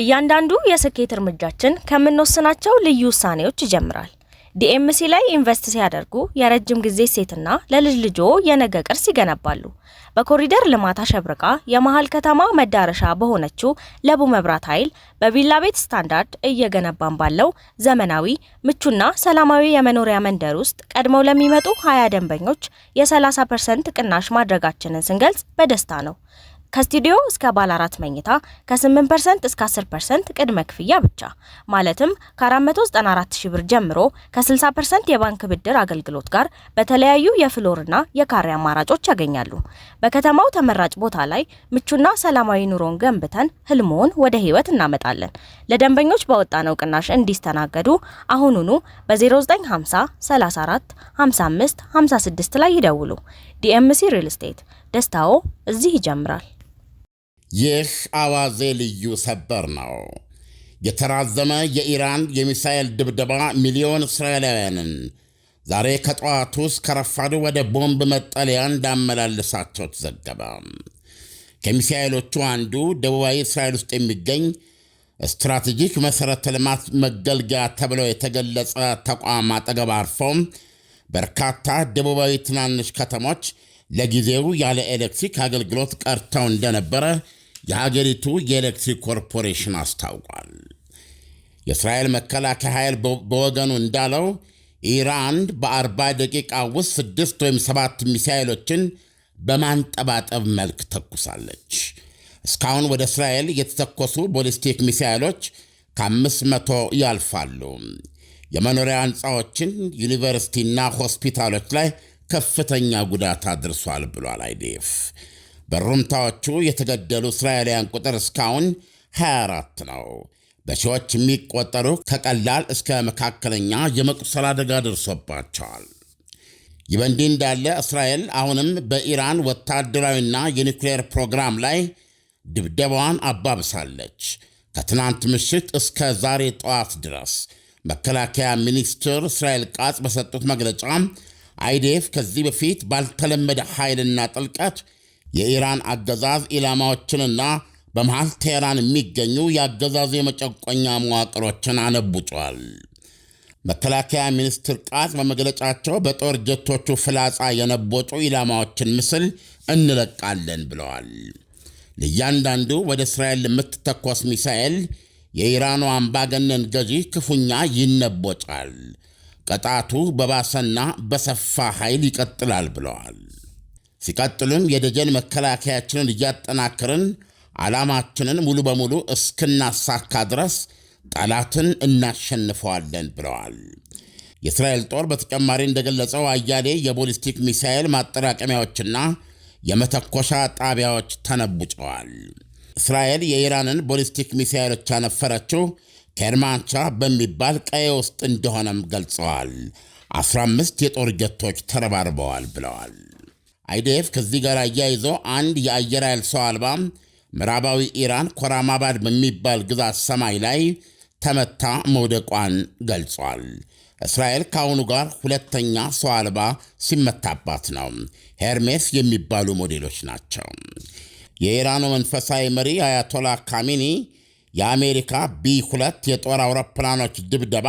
እያንዳንዱ የስኬት እርምጃችን ከምንወስናቸው ልዩ ውሳኔዎች ይጀምራል። ዲኤምሲ ላይ ኢንቨስት ሲያደርጉ የረጅም ጊዜ ሴትና ለልጅ ልጆ የነገ ቅርስ ይገነባሉ። በኮሪደር ልማት አሸብርቃ የመሀል ከተማ መዳረሻ በሆነችው ለቡ መብራት ኃይል በቪላ ቤት ስታንዳርድ እየገነባን ባለው ዘመናዊ ምቹና ሰላማዊ የመኖሪያ መንደር ውስጥ ቀድመው ለሚመጡ ሀያ ደንበኞች የ30 ፐርሰንት ቅናሽ ማድረጋችንን ስንገልጽ በደስታ ነው። ከስቱዲዮ እስከ ባለ አራት መኝታ ከ8 እስከ 10 ቅድመ ክፍያ ብቻ ማለትም ከ 494000 ብር ጀምሮ ከ60 የባንክ ብድር አገልግሎት ጋር በተለያዩ የፍሎርና የካሬ አማራጮች ያገኛሉ። በከተማው ተመራጭ ቦታ ላይ ምቹና ሰላማዊ ኑሮን ገንብተን ህልሞን ወደ ህይወት እናመጣለን። ለደንበኞች በወጣነው ቅናሽ እንዲስተናገዱ አሁኑኑ በ0950 34 55 56 ላይ ይደውሉ። ዲኤምሲ ሪል ስቴት ደስታዎ እዚህ ይጀምራል። ይህ አዋዜ ልዩ ሰበር ነው። የተራዘመ የኢራን የሚሳኤል ድብደባ ሚሊዮን እስራኤላውያንን ዛሬ ከጠዋቱ ውስጥ ከረፋዱ ወደ ቦምብ መጠለያ እንዳመላለሳቸው ተዘገበ። ከሚሳኤሎቹ አንዱ ደቡባዊ እስራኤል ውስጥ የሚገኝ ስትራቴጂክ መሠረተ ልማት መገልገያ ተብለው የተገለጸ ተቋም አጠገብ አርፎም በርካታ ደቡባዊ ትናንሽ ከተሞች ለጊዜው ያለ ኤሌክትሪክ አገልግሎት ቀርተው እንደነበረ የሀገሪቱ የኤሌክትሪክ ኮርፖሬሽን አስታውቋል። የእስራኤል መከላከያ ኃይል በወገኑ እንዳለው ኢራን በአርባ ደቂቃ ውስጥ ስድስት ወይም ሰባት ሚሳይሎችን በማንጠባጠብ መልክ ተኩሳለች። እስካሁን ወደ እስራኤል የተተኮሱ ቦሊስቲክ ሚሳይሎች ከአምስት መቶ ያልፋሉ። የመኖሪያ ሕንፃዎችን፣ ዩኒቨርሲቲና ሆስፒታሎች ላይ ከፍተኛ ጉዳት አድርሷል ብሏል አይዲኤፍ። በሩምታዎቹ የተገደሉ እስራኤላውያን ቁጥር እስካሁን 24 ነው። በሺዎች የሚቆጠሩ ከቀላል እስከ መካከለኛ የመቁሰል አደጋ ደርሶባቸዋል። ይህ በእንዲህ እንዳለ እስራኤል አሁንም በኢራን ወታደራዊና የኒውክሌር ፕሮግራም ላይ ድብደባዋን አባብሳለች። ከትናንት ምሽት እስከ ዛሬ ጠዋት ድረስ መከላከያ ሚኒስትር እስራኤል ቃጽ በሰጡት መግለጫ አይዴፍ ከዚህ በፊት ባልተለመደ ኃይልና ጥልቀት የኢራን አገዛዝ ኢላማዎችንና በመሃል ቴህራን የሚገኙ የአገዛዙ የመጨቆኛ መዋቅሮችን አነቡጧል። መከላከያ ሚኒስትር ቃጽ በመግለጫቸው በጦር ጀቶቹ ፍላጻ የነቦጩ ኢላማዎችን ምስል እንለቃለን ብለዋል። ለእያንዳንዱ ወደ እስራኤል የምትተኮስ ሚሳኤል የኢራኑ አምባገነን ገዢ ክፉኛ ይነቦጫል። ቅጣቱ በባሰና በሰፋ ኃይል ይቀጥላል ብለዋል። ሲቀጥልም የደጀን መከላከያችንን እያጠናከርን ዓላማችንን ሙሉ በሙሉ እስክናሳካ ድረስ ጠላትን እናሸንፈዋለን ብለዋል። የእስራኤል ጦር በተጨማሪ እንደገለጸው አያሌ የቦሊስቲክ ሚሳኤል ማጠራቀሚያዎችና የመተኮሻ ጣቢያዎች ተነቡጨዋል። እስራኤል የኢራንን ቦሊስቲክ ሚሳኤሎች ያነፈረችው ከርማንቻ በሚባል ቀዬ ውስጥ እንደሆነም ገልጸዋል። 15 የጦር ጀቶች ተረባርበዋል ብለዋል። አይዲኤፍ ከዚህ ጋር አያይዞ አንድ የአየር ኃይል ሰው አልባ ምዕራባዊ ኢራን ኮራማባድ በሚባል ግዛት ሰማይ ላይ ተመታ መውደቋን ገልጿል። እስራኤል ከአሁኑ ጋር ሁለተኛ ሰው አልባ ሲመታባት ነው። ሄርሜስ የሚባሉ ሞዴሎች ናቸው። የኢራኑ መንፈሳዊ መሪ አያቶላ ካሚኒ የአሜሪካ ቢ2 የጦር አውሮፕላኖች ድብደባ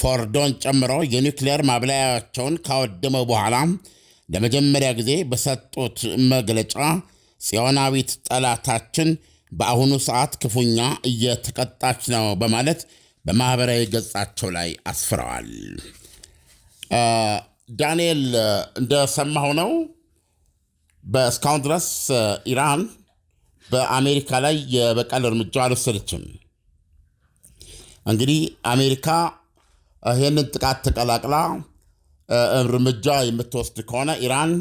ፎርዶን ጨምሮ የኒውክሌር ማብላያቸውን ካወደመ በኋላ ለመጀመሪያ ጊዜ በሰጡት መግለጫ ጽዮናዊት ጠላታችን በአሁኑ ሰዓት ክፉኛ እየተቀጣች ነው በማለት በማኅበራዊ ገጻቸው ላይ አስፍረዋል። ዳንኤል እንደሰማሁ ነው እስካሁን ድረስ ኢራን በአሜሪካ ላይ የበቀል እርምጃ አልወሰደችም። እንግዲህ አሜሪካ ይህንን ጥቃት ተቀላቅላ እርምጃ የምትወስድ ከሆነ ኢራን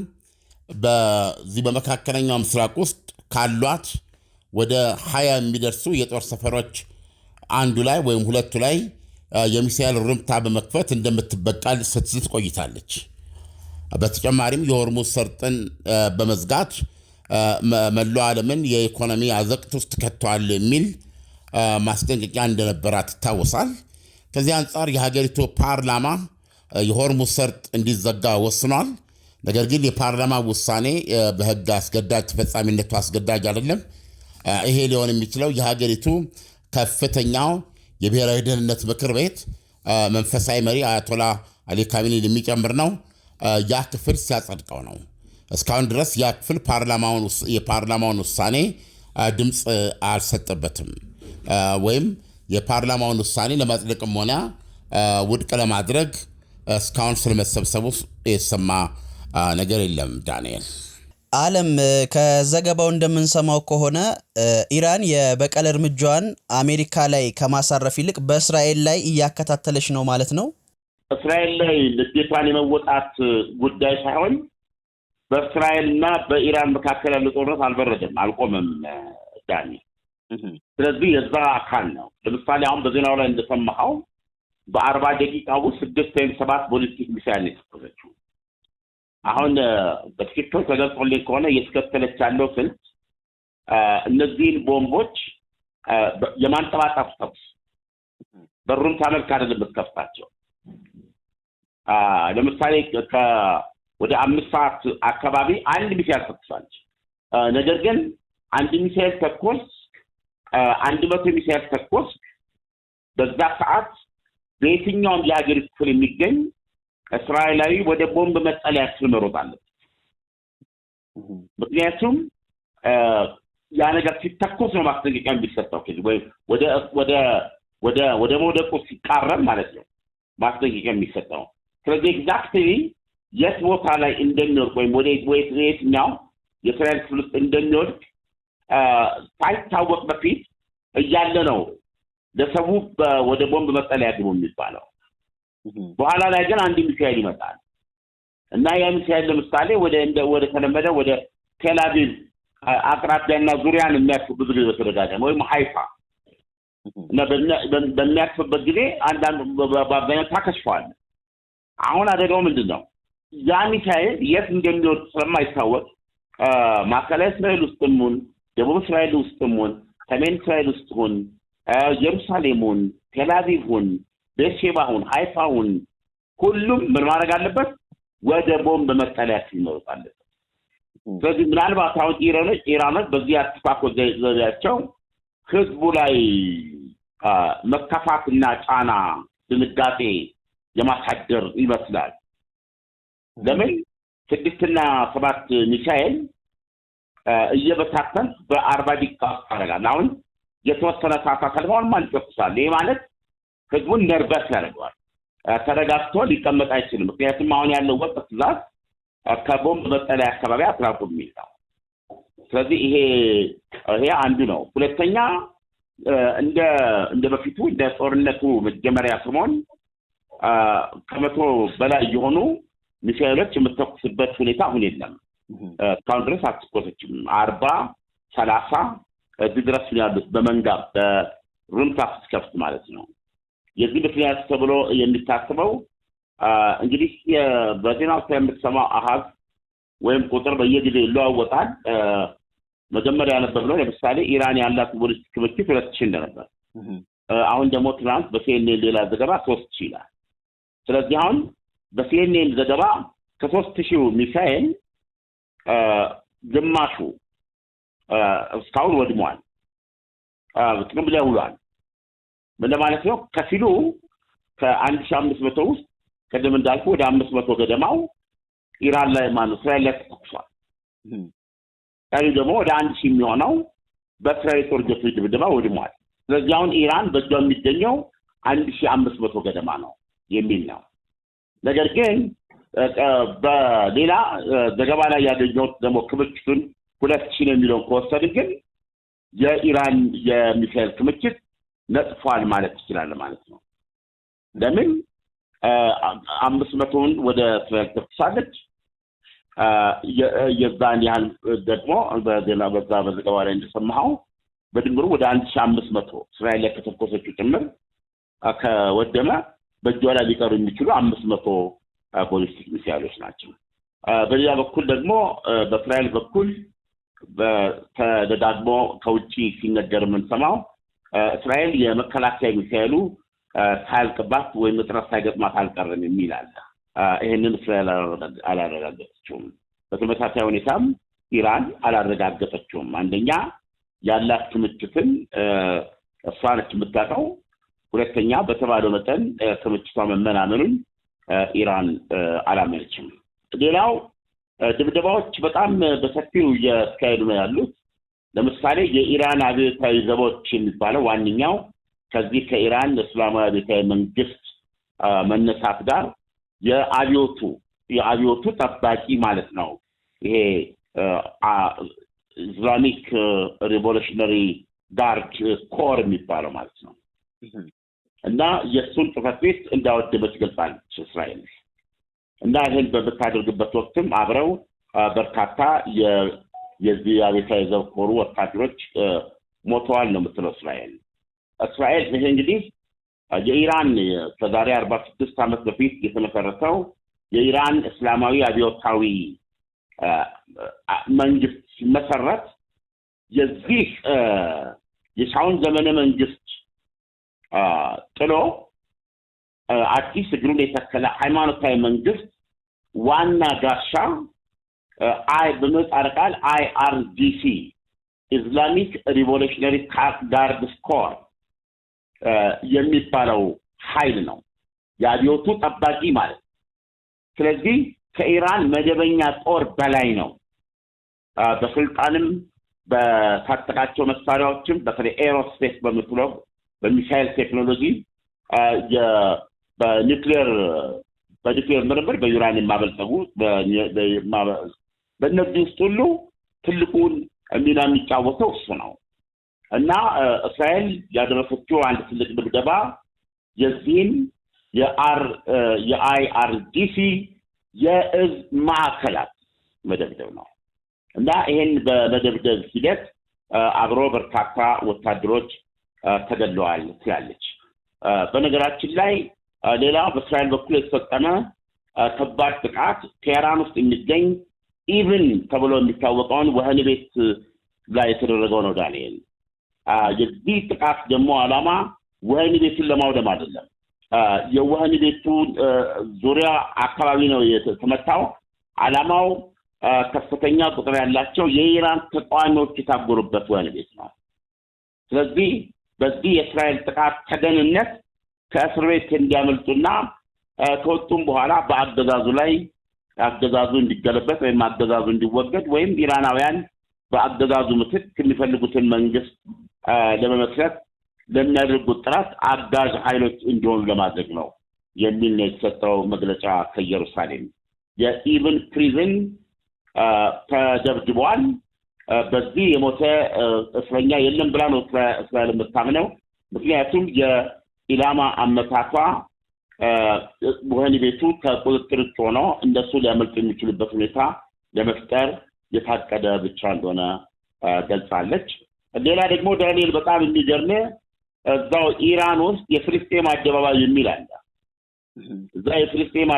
በዚህ በመካከለኛው ምስራቅ ውስጥ ካሏት ወደ ሀያ የሚደርሱ የጦር ሰፈሮች አንዱ ላይ ወይም ሁለቱ ላይ የሚሳኤል ርምታ በመክፈት እንደምትበቃል ስትዝት ቆይታለች። በተጨማሪም የሆርሙዝ ሰርጥን በመዝጋት መላው ዓለምን የኢኮኖሚ አዘቅት ውስጥ ከተዋል የሚል ማስጠንቀቂያ እንደነበራት ይታወሳል። ከዚህ አንጻር የሀገሪቱ ፓርላማ የሆርሙዝ ሰርጥ እንዲዘጋ ወስኗል። ነገር ግን የፓርላማ ውሳኔ በህግ አስገዳጅ ተፈጻሚነቱ አስገዳጅ አይደለም። ይሄ ሊሆን የሚችለው የሀገሪቱ ከፍተኛው የብሔራዊ ደህንነት ምክር ቤት መንፈሳዊ መሪ አያቶላ አሊ ካሚኒን የሚጨምር ነው። ያ ክፍል ሲያጸድቀው ነው። እስካሁን ድረስ ያ ክፍል የፓርላማውን ውሳኔ ድምፅ አልሰጠበትም። ወይም የፓርላማውን ውሳኔ ለማጽደቅም ሆነ ውድቅ ለማድረግ እስካሁን ስለመሰብሰቡ የተሰማ ነገር የለም። ዳንኤል አለም፣ ከዘገባው እንደምንሰማው ከሆነ ኢራን የበቀል እርምጃዋን አሜሪካ ላይ ከማሳረፍ ይልቅ በእስራኤል ላይ እያከታተለች ነው ማለት ነው። እስራኤል ላይ ልዴቷን የመወጣት ጉዳይ ሳይሆን በእስራኤልና በኢራን መካከል ያለ ጦርነት አልበረደም፣ አልቆመም ዳኒ። ስለዚህ የዛ አካል ነው። ለምሳሌ አሁን በዜናው ላይ እንደሰማኸው በአርባ ደቂቃ ውስጥ ስድስት ወይም ሰባት ቦሊስቲክ ሚሳይል የተኮሰችው። አሁን በትክክል ተገልጾልኝ ከሆነ እየተከተለች ያለው ስልት እነዚህን ቦምቦች የማንጠባጠፍ ተኩስ በሩን ታመልክ አይደለም የምትከፍታቸው። ለምሳሌ ወደ አምስት ሰዓት አካባቢ አንድ ሚሳይል ተኩሳለች። ነገር ግን አንድ ሚሳይል ተኮስ አንድ መቶ ሚሳይል ተኮስ በዛ ሰዓት በየትኛውም የሀገር ክፍል የሚገኝ እስራኤላዊ ወደ ቦምብ መጠለያ ክፍል መሮጥ አለበት። ምክንያቱም ያ ነገር ሲተኮስ ነው ማስጠንቀቂያ የሚሰጠው ወደ ወደ ወደ ወደ መውደቁ ሲቃረብ ማለት ነው ማስጠንቀቂያ የሚሰጠው። ስለዚህ ኤግዛክትሊ የት ቦታ ላይ እንደሚወድቅ ወይም ወደ የትኛው የእስራኤል ክፍል ውስጥ እንደሚወድቅ ሳይታወቅ በፊት እያለ ነው ለሰው ወደ ቦምብ መጠለያ ግቡ የሚባለው። በኋላ ላይ ግን አንድ ሚሳኤል ይመጣል እና ያ ሚሳኤል ለምሳሌ ወደ ወደ ተለመደ ወደ ቴላቪቭ አቅራቢያና ዙሪያን የሚያርፍ ብዙ ጊዜ በተደጋጋሚ ወይም ሀይፋ እና በሚያርፍበት ጊዜ አንዳንድ በአብዛኛው ታከሽፏል። አሁን አደጋው ምንድን ነው? ያ ሚሳኤል የት እንደሚወድ ስለማይታወቅ ማዕከላዊ እስራኤል ውስጥ ሁን፣ ደቡብ እስራኤል ውስጥ ሁን፣ ሰሜን እስራኤል ውስጥ ሁን ኢየሩሳሌሙን፣ ቴላቪቭን፣ ቤርሼባውን፣ ሃይፋውን ሁሉም ምን ማድረግ አለበት? ወደ ቦምብ መጠለያ መውጣት አለበት። ስለዚህ ምናልባት አሁን ኢራኖች ኢራኖች በዚህ አትፋኮ ዘዴያቸው ህዝቡ ላይ መከፋትና ጫና ድንጋጤ የማሳደር ይመስላል። ለምን ስድስትና ሰባት ሚሳኤል እየበታተን በአርባ ደቂቃ አደርጋለሁ አሁን የተወሰነ ሰዓት ማን ይጨቁሳል። ይህ ማለት ህዝቡን ነርበስ ያደርገዋል። ተረጋግቶ ሊቀመጥ አይችልም። ምክንያቱም አሁን ያለው ወጥ ትእዛዝ ከቦምብ መጠለያ አካባቢ አትራቁ የሚል ነው። ስለዚህ ይሄ ይሄ አንዱ ነው። ሁለተኛ እንደ እንደ በፊቱ እንደ ጦርነቱ መጀመሪያ ሰሞን ከመቶ በላይ የሆኑ ሚሳይሎች የምተኩስበት ሁኔታ አሁን የለም። እስካሁን ድረስ አትኮሰችም። አርባ ሰላሳ እዚህ ድረስ ነው ያሉት በመንጋ በሩምታ ስከፍት ማለት ነው። የዚህ ምክንያት ተብሎ የሚታስበው እንግዲህ በዜናው የምትሰማው አሃዝ ወይም ቁጥር በየጊዜው ይለዋወጣል። መጀመሪያ ያነበብነው ለምሳሌ ኢራን ያላት ቦሊስቲክ ክምችት ሁለት ሺህ እንደነበር አሁን ደግሞ ትናንት በሲኤንኤን ሌላ ዘገባ ሶስት ሺህ ይላል። ስለዚህ አሁን በሲኤንኤን ዘገባ ከሶስት ሺው ሚሳኤል ግማሹ እስካሁን ወድሟል፣ ጥቅም ላይ ውሏል። ምን ማለት ነው? ከፊሉ ከአንድ ሺ አምስት መቶ ውስጥ ቅድም እንዳልኩ ወደ አምስት መቶ ገደማው ኢራን ላይ ማነው እስራኤል ላይ ተተኩሷል። ቀሪ ደግሞ ወደ አንድ ሺ የሚሆነው በእስራኤል ጦር ጀቶች ድብደባ ወድሟል። ስለዚህ አሁን ኢራን በእጇ የሚገኘው አንድ ሺ አምስት መቶ ገደማ ነው የሚል ነው። ነገር ግን በሌላ ዘገባ ላይ ያገኘሁት ደግሞ ክምችቱን ሁለት ሺ ነው የሚለውን ከወሰድ ግን የኢራን የሚሳይል ክምችት ነጥፏል ማለት ይችላል ማለት ነው። ለምን አምስት መቶውን ወደ እስራኤል ትኩሳለች። የዛን ያህል ደግሞ በዜና በዛ በዘገባ ላይ እንደሰማኸው በድምሩ ወደ አንድ ሺ አምስት መቶ እስራኤል ላይ ከተኮሰችው ጭምር ከወደመ በእጇ ላይ ሊቀሩ የሚችሉ አምስት መቶ ቦሊስቲክ ሚሳይሎች ናቸው። በሌላ በኩል ደግሞ በእስራኤል በኩል ተደጋግሞ ከውጭ ሲነገር የምንሰማው እስራኤል የመከላከያ ሚሳኤሉ ሳያልቅባት ወይም እጥረት ሳይገጥማት አልቀርም የሚል አለ። ይህንን እስራኤል አላረጋገጠችውም። በተመሳሳይ ሁኔታም ኢራን አላረጋገጠችውም። አንደኛ ያላት ክምችትን እሷ ነች የምታውቀው። ሁለተኛ በተባለው መጠን ክምችቷ መመናመኑን ኢራን አላመነችም። ሌላው ድብደባዎች በጣም በሰፊው እየተካሄዱ ነው ያሉት። ለምሳሌ የኢራን አብዮታዊ ዘቦች የሚባለው ዋነኛው ከዚህ ከኢራን እስላማዊ አብዮታዊ መንግስት መነሳት ጋር የአብዮቱ የአብዮቱ ጠባቂ ማለት ነው ይሄ ኢስላሚክ ሪቮሉሽነሪ ጋርድ ኮር የሚባለው ማለት ነው እና የእሱን ጽፈት ቤት እንዳወድበት ገልጻለች እስራኤል። እና ይህን በምታደርግበት ወቅትም አብረው በርካታ የዚህ አብዮታዊ ዘብ ኮሩ ወታደሮች ሞተዋል ነው የምትለው እስራኤል። እስራኤል ይሄ እንግዲህ የኢራን ከዛሬ አርባ ስድስት ዓመት በፊት የተመሰረተው የኢራን እስላማዊ አብዮታዊ መንግስት ሲመሰረት የዚህ የሻውን ዘመነ መንግስት ጥሎ አዲስ እግሩን የተከለ ሃይማኖታዊ መንግስት ዋና ጋሻ አይ በምህጻረ ቃል አይ አር ዲ ሲ ኢስላሚክ ሪቮሉሽነሪ ጋርድ ስኮር የሚባለው ኃይል ነው፣ የአብዮቱ ጠባቂ ማለት። ስለዚህ ከኢራን መደበኛ ጦር በላይ ነው። በስልጣንም በታጠቃቸው መሳሪያዎችም በተለይ ኤሮስፔስ በምትለው በሚሳይል ቴክኖሎጂ በኒክሌር በኒክሌር ምርምር በዩራኒየም ማበልጸጉ በእነዚህ ውስጥ ሁሉ ትልቁን ሚና የሚጫወተው እሱ ነው እና እስራኤል ያደረሰችው አንድ ትልቅ ድብደባ የዚህም የአር የአይአርዲሲ የእዝ ማዕከላት መደብደብ ነው እና ይሄን በመደብደብ ሂደት አብሮ በርካታ ወታደሮች ተገለዋል ትላለች። በነገራችን ላይ ሌላ በእስራኤል በኩል የተፈጸመ ከባድ ጥቃት ቴራን ውስጥ የሚገኝ ኢቭን ተብሎ የሚታወቀውን ወህኒ ቤት ላይ የተደረገው ነው። ዳንኤል የዚህ ጥቃት ደግሞ አላማ ወህኒ ቤቱን ለማውደም አይደለም። የወህኒ ቤቱ ዙሪያ አካባቢ ነው የተመታው። አላማው ከፍተኛ ቁጥር ያላቸው የኢራን ተቃዋሚዎች የታጎሩበት ወህኒ ቤት ነው። ስለዚህ በዚህ የእስራኤል ጥቃት ተገንነት ከእስር ቤት እንዲያመልጡና ከወጡም በኋላ በአገዛዙ ላይ አገዛዙ እንዲገለበት ወይም አገዛዙ እንዲወገድ ወይም ኢራናውያን በአገዛዙ ምትክ የሚፈልጉትን መንግስት ለመመስረት ለሚያደርጉት ጥረት አጋዥ ኃይሎች እንዲሆኑ ለማድረግ ነው የሚል ነው የተሰጠው መግለጫ ከኢየሩሳሌም። የኢቨን ፕሪዝን ተደብድበዋል። በዚህ የሞተ እስረኛ የለም ብላ ነው እስራኤል የምታምነው። ምክንያቱም ኢላማ አመታቷ ወህኒ ቤቱ ከቁጥጥር ውጭ እንደሱ ሊያመልጡ የሚችሉበት ሁኔታ ለመፍጠር የታቀደ ብቻ እንደሆነ ገልጻለች። ሌላ ደግሞ ዳንኤል በጣም የሚገርም እዛው ኢራን ውስጥ የፍልስጤም አደባባይ የሚል አለ። እዛ የፍልስጤም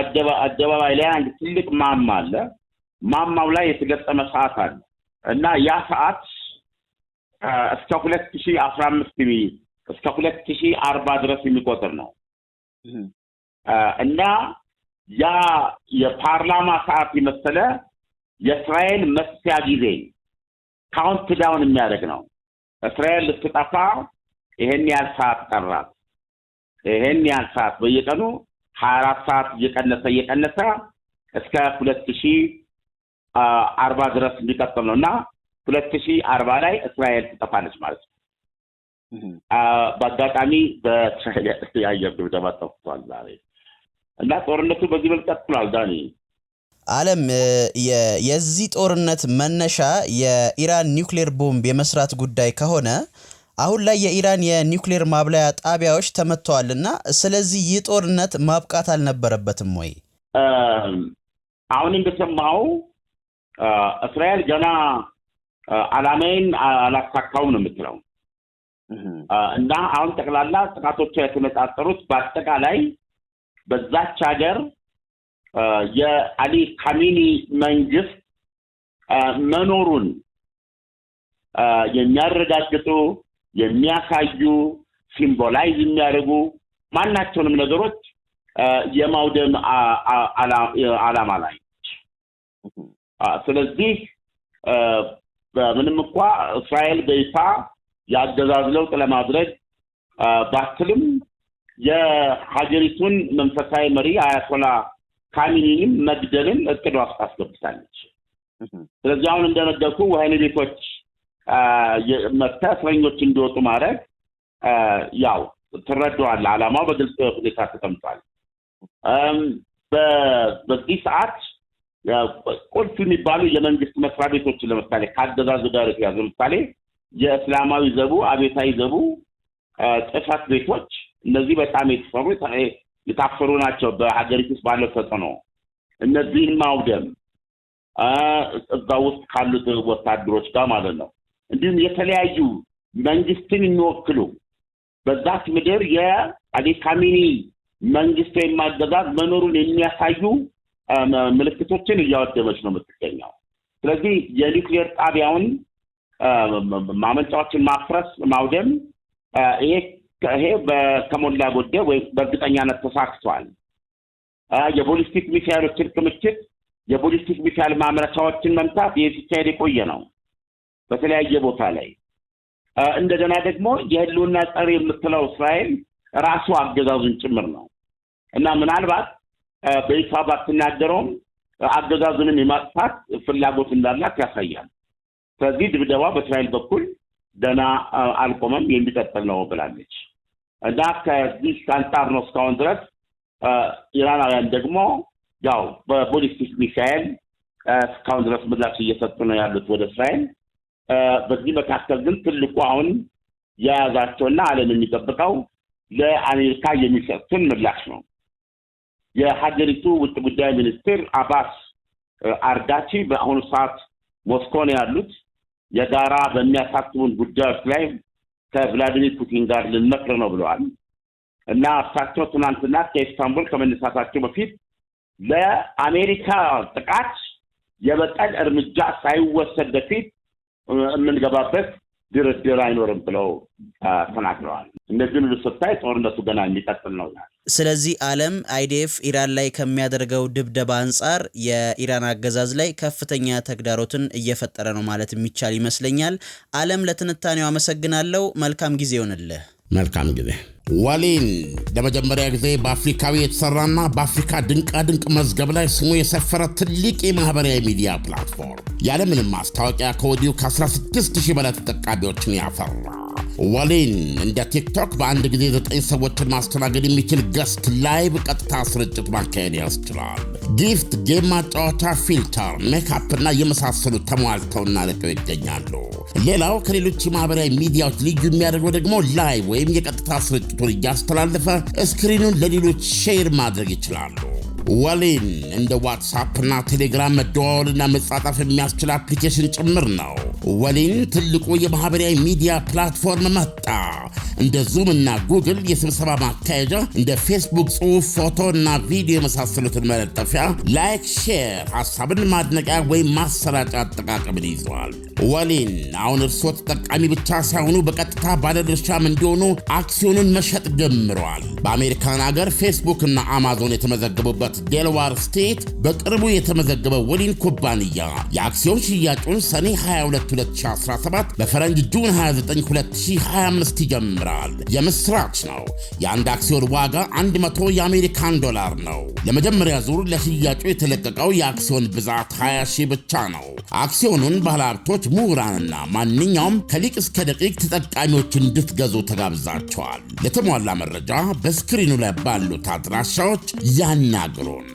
አደባባይ ላይ አንድ ትልቅ ማማ አለ። ማማው ላይ የተገጠመ ሰዓት አለ እና ያ ሰዓት እስከ ሁለት ሺ አስራ አምስት እስከ ሁለት ሺ አርባ ድረስ የሚቆጥር ነው እና ያ የፓርላማ ሰዓት የመሰለ የእስራኤል መስፊያ ጊዜ ካውንት ዳውን የሚያደርግ ነው። እስራኤል ልትጠፋ ይሄን ያህል ሰዓት ጠራት ይሄን ያህል ሰዓት በየቀኑ ሀያ አራት ሰዓት እየቀነሰ እየቀነሰ እስከ ሁለት ሺ አርባ ድረስ የሚቀጥል ነው እና ሁለት ሺ አርባ ላይ እስራኤል ትጠፋለች ማለት ነው። በአጋጣሚ የአየር ድብደባ ጠፍቷል ዛሬ እና ጦርነቱ በዚህ መልክ ቀጥሏል። ዳኒ አለም፣ የዚህ ጦርነት መነሻ የኢራን ኒውክሌር ቦምብ የመስራት ጉዳይ ከሆነ አሁን ላይ የኢራን የኒውክሌር ማብላያ ጣቢያዎች ተመጥተዋልና ስለዚህ ይህ ጦርነት ማብቃት አልነበረበትም ወይ? አሁን እንደሰማው እስራኤል ገና ዓላማዬን አላሳካውም ነው የምትለው እና አሁን ጠቅላላ ጥቃቶቹ የተነጣጠሩት በአጠቃላይ በዛች ሀገር የአሊ ካሚኒ መንግስት መኖሩን የሚያረጋግጡ የሚያሳዩ ሲምቦላይዝ የሚያደርጉ ማናቸውንም ነገሮች የማውደም አላማ ላይ ስለዚህ ምንም እንኳ እስራኤል በይፋ የአገዛዝ ለውጥ ለማድረግ ባክልም የሀገሪቱን መንፈሳዊ መሪ አያቶላ ካሚኒንም መግደልን እቅድ ውስጥ አስገብታለች። ስለዚህ አሁን እንደነገርኩ ወህኒ ቤቶች መተ እስረኞች እንዲወጡ ማድረግ ያው ትረደዋል አላማው በግልጽ ሁኔታ ተቀምጧል። በዚህ ሰዓት ቁልፍ የሚባሉ የመንግስት መስሪያ ቤቶችን ለምሳሌ ከአገዛዙ ጋር የተያዙ ለምሳሌ የእስላማዊ ዘቡ አቤታዊ ዘቡ ጥፈት ቤቶች እነዚህ በጣም የተሰሩ የታፈሩ ናቸው። በሀገሪቱ ውስጥ ባለው ተጽዕኖ እነዚህን ማውደም እዛ ውስጥ ካሉት ወታደሮች ጋር ማለት ነው። እንዲሁም የተለያዩ መንግስትን የሚወክሉ በዛት ምድር የአሊ መንግስት ወይም አገዛዝ መኖሩን የሚያሳዩ ምልክቶችን እያወደመች ነው የምትገኘው። ስለዚህ የኒውክሌር ጣቢያውን ማመንጫዎችን ማፍረስ፣ ማውደም ይሄ ይሄ ከሞላ ጎደል ወይ በእርግጠኛነት ተሳክቷል። የቦሊስቲክ ሚሳይሎችን ክምችት፣ የቦሊስቲክ ሚሳይል ማምረቻዎችን መምታት ይህ ሲካሄድ የቆየ ነው በተለያየ ቦታ ላይ። እንደገና ደግሞ የህልውና ጸር የምትለው እስራኤል ራሱ አገዛዙን ጭምር ነው እና ምናልባት በይፋ ባትናገረውም አገዛዙንም የማጥፋት ፍላጎት እንዳላት ያሳያል። ከዚህ ድብደባ በእስራኤል በኩል ደና አልቆመም፣ የሚቀጥል ነው ብላለች እና ከዚህ አንጻር ነው እስካሁን ድረስ ኢራናውያን ደግሞ ያው በቦሊስቲክ ሚሳኤል እስካሁን ድረስ ምላሽ እየሰጡ ነው ያሉት ወደ እስራኤል። በዚህ መካከል ግን ትልቁ አሁን የያዛቸውና አለም የሚጠብቀው ለአሜሪካ የሚሰጡትን ምላሽ ነው። የሀገሪቱ ውጭ ጉዳይ ሚኒስትር አባስ አርዳቺ በአሁኑ ሰዓት ሞስኮ ነው ያሉት። የጋራ በሚያሳስቡን ጉዳዮች ላይ ከቭላዲሚር ፑቲን ጋር ልንመክር ነው ብለዋል እና እሳቸው ትናንትና ከኢስታንቡል ከመነሳታቸው በፊት ለአሜሪካ ጥቃት የበቀል እርምጃ ሳይወሰድ በፊት የምንገባበት ድርድር አይኖርም ብለው ተናግረዋል። እነዚህን ሁሉ ስታይ ጦርነቱ ገና የሚቀጥል ነው። ስለዚህ ዓለም አይዲኤፍ ኢራን ላይ ከሚያደርገው ድብደባ አንጻር የኢራን አገዛዝ ላይ ከፍተኛ ተግዳሮትን እየፈጠረ ነው ማለት የሚቻል ይመስለኛል። ዓለም ለትንታኔው አመሰግናለሁ። መልካም ጊዜ ይሆንልህ። መልካም ጊዜ። ወሊን ለመጀመሪያ ጊዜ በአፍሪካዊ የተሰራና በአፍሪካ ድንቃድንቅ መዝገብ ላይ ስሙ የሰፈረ ትልቅ የማህበራዊ ሚዲያ ፕላትፎርም ያለምንም ማስታወቂያ ከወዲሁ ከ16 ሺህ በላይ ተጠቃሚዎችን ያፈራ ወሊን እንደ ቲክቶክ በአንድ ጊዜ ዘጠኝ ሰዎችን ማስተናገድ የሚችል ገስት ላይቭ ቀጥታ ስርጭት ማካሄድ ያስችላል። ጊፍት፣ ጌም ማጫወቻ፣ ፊልተር፣ እና የመሳሰሉ ተሟልተውና ለቀው ይገኛሉ። ሌላው ከሌሎች የማህበራዊ ሚዲያዎች ልዩ የሚያደርገው ደግሞ ላይቭ ወይም የቀጥታ ስርጭቱን እያስተላለፈ ስክሪኑን ለሌሎች ሼር ማድረግ ይችላሉ። ወሊን እንደ እና ቴሌግራም መደዋወልና መጻጣፍ የሚያስችል አፕሊኬሽን ጭምር ነው። ወሊን ትልቁ የማኅበራዊ ሚዲያ ፕላትፎርም መጣ። እንደ ዙም እና ጉግል የስብሰባ ማካሄጃ፣ እንደ ፌስቡክ ጽሑፍ፣ ፎቶ እና ቪዲዮ የመሳሰሉትን መለጠፊያ፣ ላይክ፣ ሼር፣ ሀሳብን ማድነቂያ ወይም ማሰራጫ አጠቃቀምን ይዘዋል። ወሊን አሁን እርስዎ ተጠቃሚ ብቻ ሳይሆኑ በቀጥታ ባለድርሻም እንዲሆኑ አክሲዮንን መሸጥ ጀምረዋል። በአሜሪካን አገር ፌስቡክ እና አማዞን የተመዘገቡበት ዴልዋር ስቴት በቅርቡ የተመዘገበ ወሊን ኩባንያ የአክሲዮን ሽያጩን ሰኔ 22 2017 በፈረንጅ ጁን 29 2025 ይጀምራል። የምስራች ነው። የአንድ አክሲዮን ዋጋ 100 የአሜሪካን ዶላር ነው። ለመጀመሪያ ዙር ለሽያጩ የተለቀቀው የአክሲዮን ብዛት 20 ሺህ ብቻ ነው። አክሲዮኑን ባለሀብቶች፣ ምሁራንና ማንኛውም ከሊቅ እስከ ደቂቅ ተጠቃሚዎች እንድትገዙ ተጋብዛቸዋል። ለተሟላ መረጃ በስክሪኑ ላይ ባሉት አድራሻዎች ያናግሩን።